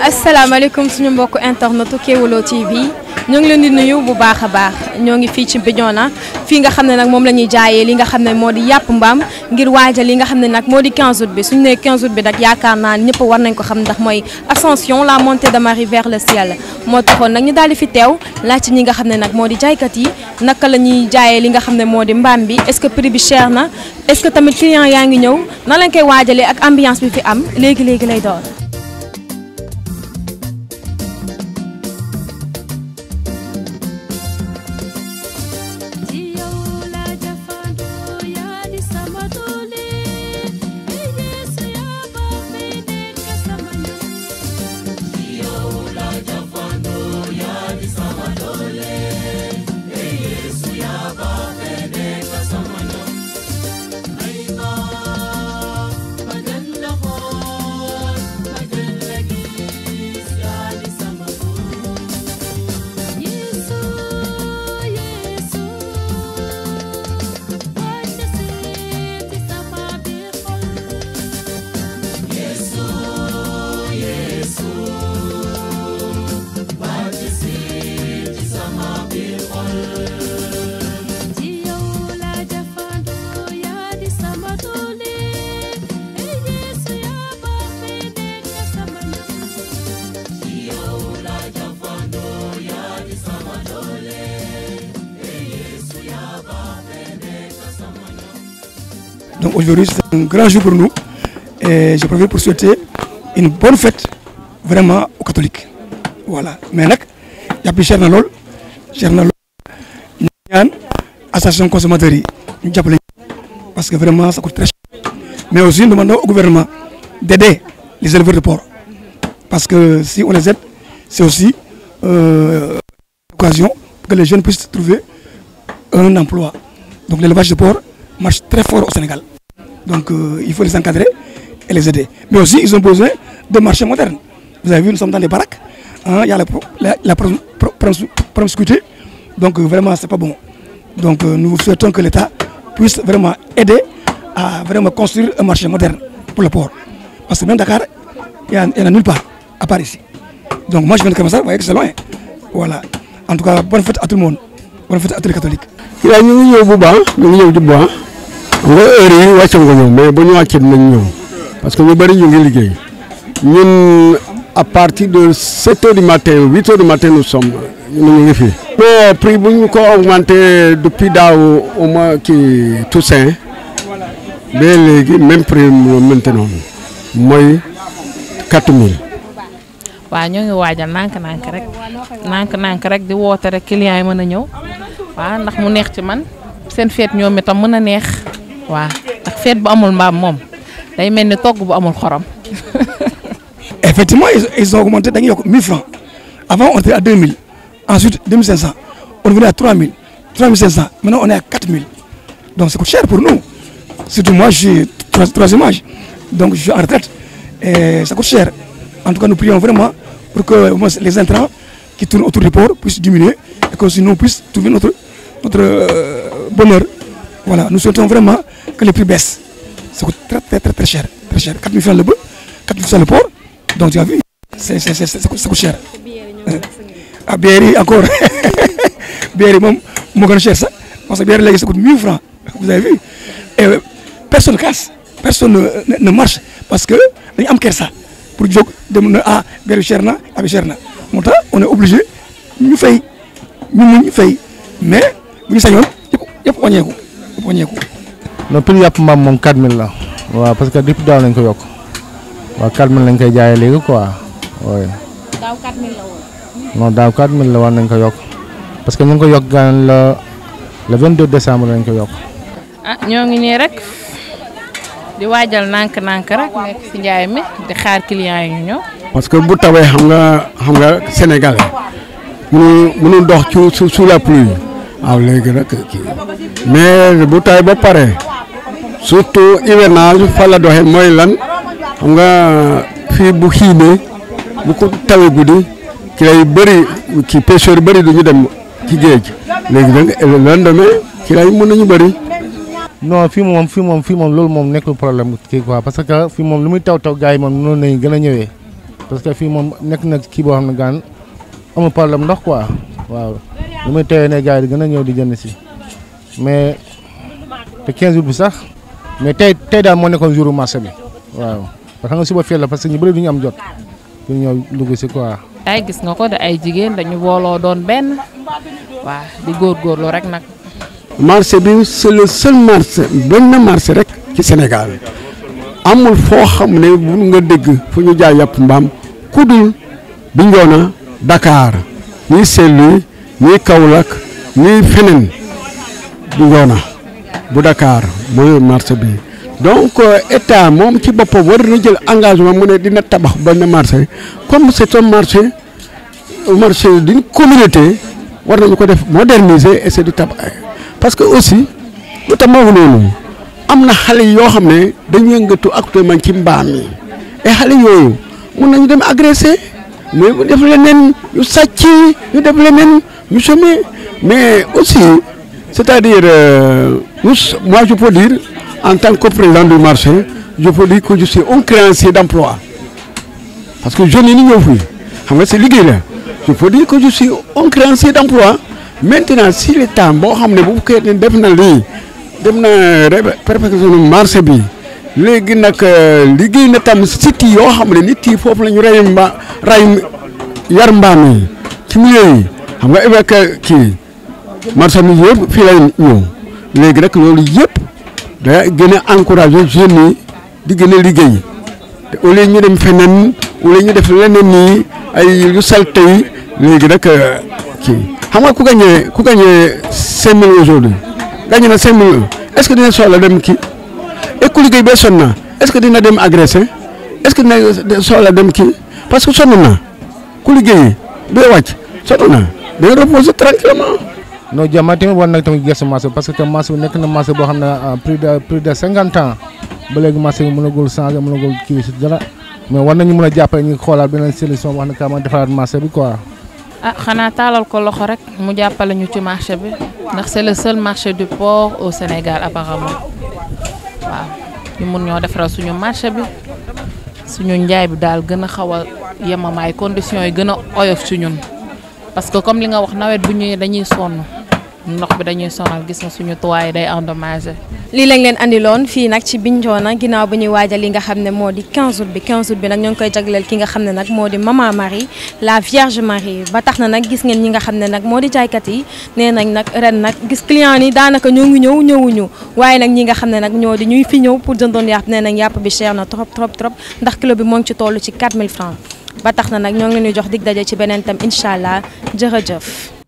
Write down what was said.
Assalamu asalaamaaleykum suñu mbokk internetu Kéwoulo TV ñoo ngi leen di nuyu bu baaxa baax ñoo ngi fii ci bidiona fi nga xamne nak mom lañuy jaayé li nga xamne modi moo mbam ngir waajal li nga xamne nak modi 15 août bi suñu né 15 août bi nak yaakaar na ñepp war nañ ko xam ndax moy ascension la montée de Marie vers le ciel moo taxoon nag ñu daal fi tew la ci ñi nga xamne nak modi moo di jaaykat yi nak lañuy jaayé li nga xamne modi mbam bi est-ce que prix bi cher na est-ce que tamit client yaangi ñew ñëw nan lañ koy waajalee ak ambiance bi fi am léegi léegi lay door Donc aujourd'hui, c'est un grand jour pour nous. Et je préviens pour souhaiter une bonne fête vraiment aux catholiques. Voilà. Mais il plus cher dans Cher dans association consommateur. Parce que vraiment, ça coûte très cher. Mais aussi, nous demandons au gouvernement d'aider les éleveurs de porc. Parce que si on les aide, c'est aussi euh, l'occasion que les jeunes puissent trouver un emploi. Donc l'élevage de porc marche très fort au Sénégal. Donc il faut les encadrer et les aider. Mais aussi, ils ont besoin de marchés modernes. Vous avez vu, nous sommes dans les baraques. Il y a la, promiscuité. Donc vraiment, c'est pas bon. Donc nous souhaitons que l'État puisse vraiment aider à vraiment construire un marché moderne pour le port. Parce que même Dakar, il n'y en a nulle part, à part ici. Donc moi, je viens de commencer, vous voyez que c'est loin. Voilà. En tout cas, bonne fête à tout le monde. Bonne fête à tous les catholiques. Il y a nga heure yi wàcc nga ñëw mais bu ñu wàccee nañ ñëw parce que ñu bari ñu ngi liggéey ñun à partir de 7 heures du matin 8 heures du matin nous sommes ñu ngi fii mais prix bu ñu ko augmenté depuis daaw au moins kii Toussaint ba léegi même prix maintenant mooy 4000 waaw ñoo ngi waajal nànk-nànk rek nànk-nànk rek di woote rek client yi mën a ñëw waaw ndax mu neex ci man seen feet ñoom itam mën neex fait effectivement ils ont augmenté d'un 1000 francs avant on était à 2000 ensuite 2500 on venait à 3000 3500 maintenant on est à 4000 donc ça coûte cher pour nous surtout moi j'ai trois troisième donc je suis en retraite et ça coûte cher en tout cas nous prions vraiment pour que les intrants qui tournent autour du port puissent diminuer et que sinon on puisse trouver notre notre euh, bonheur. Voilà, nous souhaitons vraiment que les prix baissent. Ça coûte très très très, très cher. Très cher. 4 000 francs le bœuf, 4 000 francs le porc. Donc tu as vu, c est, c est, c est, ça, coûte, ça coûte cher. Ah, Béry encore. Béry, mon, mon cher ça. Parce que Béry, là, ça coûte 1000 francs. Vous avez vu Et euh, personne casse, personne euh, ne, marche parce que ça. Pour dire que ah, Béry Cherna, à ah, Cherna. On est obligé, nous faisons, nous faisons. Mais, vous savez, il y yëpp wàññeeku. non yàpp mbaam moom 4000 la. waaw parce que depuis daaw nañ ko yokk waaw 4000 lañ koy jaayee léegi quoi oui. daaw 4000 la woon. nañ ko yokk parce que ñu ngi ko yokk gan la le 22 décembre lañ ko yokk. ah ñoo ngi nii rek di waajal nànk-nànk rek nekk si njaay mi di xaar client yi ñu parce que bu tawee xam nga xam nga Sénégal mënu mënu dox ci sous la pluie. waaw léegi nag kii mais bu taay ba pare surtout hivernage fa la doxe mooy lan xam nga fii bu xiinee bu ko tawee guddi ci lay bëri ci pêcheur bëri du ñu dem ci géej léegi nag lendemain ci lay mën nañu bëri. non fii moom fii moom fii moom loolu moom nekkul problème kii quoi parce que fii moom lu muy taw taw gars yi moom noonu nañu gën a ñëwee parce que fii moom nekk na kii boo xam ne gaan amul problème ndox quoi waaw. lu muy teewee ne gars yi di gën a ñëw di jënd si mais te 15 jours bi sax mais tey tey daal moo nekkoon jouru marché bi waaw parce que nga suba fii la parce que ñu bëri du ñu am jot pour ñëw dugg si quoi. ay gis nga ko de ay jigéen dañu wooloo doon benn waaw di góorgóorlu rek nag. marché bi c'est le seul marché benn marché rek ci Sénégal amul foo xam ne bu nga dégg fu ñu jaay yàpp mbaam ku dul bi Bignona Dakar ñuy seetlu. kaw Kaolack ñii feneen bu Ngona bu Dakar mooy marché bi donc euh, état moom ci boppam war na jël engagement mu ne dina tabax benn marché comme c'est un marché marché d'une communauté war nañu ko def moderniser et c'est du tabax parce que aussi lu tax ma wax am na xale yoo xam ne dañu yëngatu actuellement ci mbaam yi et xale yooyu mun nañu dem agressé mais def leneen ñu sàcc ñu def leneen Nous sommes, mais aussi, c'est-à-dire, euh, moi je peux dire, en tant que président du marché, je peux dire que je suis un créancier d'emploi. Parce que je n'ai ni vu. En c'est l'iguille. Je peux dire que je suis un créancier d'emploi. Maintenant, si l'État, bon, ramené beaucoup de défendu, défendu, perfectionné un marché, légui nak euh, liguey na tam site yo xamné nit yi fofu lañu rayum ba rayum yar mbami ci milieu xam nga évêque kii marché mi yëpp fii lay ñëw léegi rek loolu yëpp day gën a encouragé jeunes di gën liggéey te ñu dem feneen au lieu ñu def leneen nii ay lu salte yi léegi rek euh, kii xam nga ku gagné ku gagné cinq mille aujourd'hui gagné na cinq est-ce que dina soxla dem kii et ku liggéey ba sonn est-ce que dina dem agressé est-ce que dina sola dem kii parce que sonn na ku liggéey bee wàcc sonn day reposer tranquillement non Diama tamit war nag tamit gëstu marché parce que tam marché bi nekk na marché boo xam ne euh, plus de plus de cinquante ans ba léegi marché bi mënagul changé mënagul kii si dara war nañu mën a jàppale ñu xoolaat beneen solution wax na kaa ma defaraat marché bi quoi. ah xanaa taalal ko loxo rek mu jàppale ñu ci marché bi ndax c'est le seul marché du port au Sénégal apparemment waaw ñu mun ñoo defaral suñu marché bi suñu njaay bi daal gën a xaw a ay conditions yi gën a oyof ci ñun. parce que comme li nga wax nawet bu ñëwee dañuy sonn ndox bi dañuy sonal gis na suñu toit yi day endommagé. lii lañ leen andiloon fii nag ci Bignona ginnaaw bi ñuy waajal li nga xam ne moo di 15 août bi 15 août bi nag ñoo koy jagleel ki nga xam ne nag moo di maman Marie la tax na nag gis ngeen ñi nga xam ne nag moo di jaaykat yi nee nañ nag ren nag gis client yi daanaka ñoo ngi ñëw ñëwuñu waaye nag ñi nga xam ne nag ñoo di ñuy fi ñëw pour jëndoon yàpp nee nañ yàpp bi cher na trop trop trop ndax kilo bi moo ngi ci toll ci 4000 francs ba tax na nag ñoo ngi leen di jox dig daje ci beneen tam incha allah jërëjëf.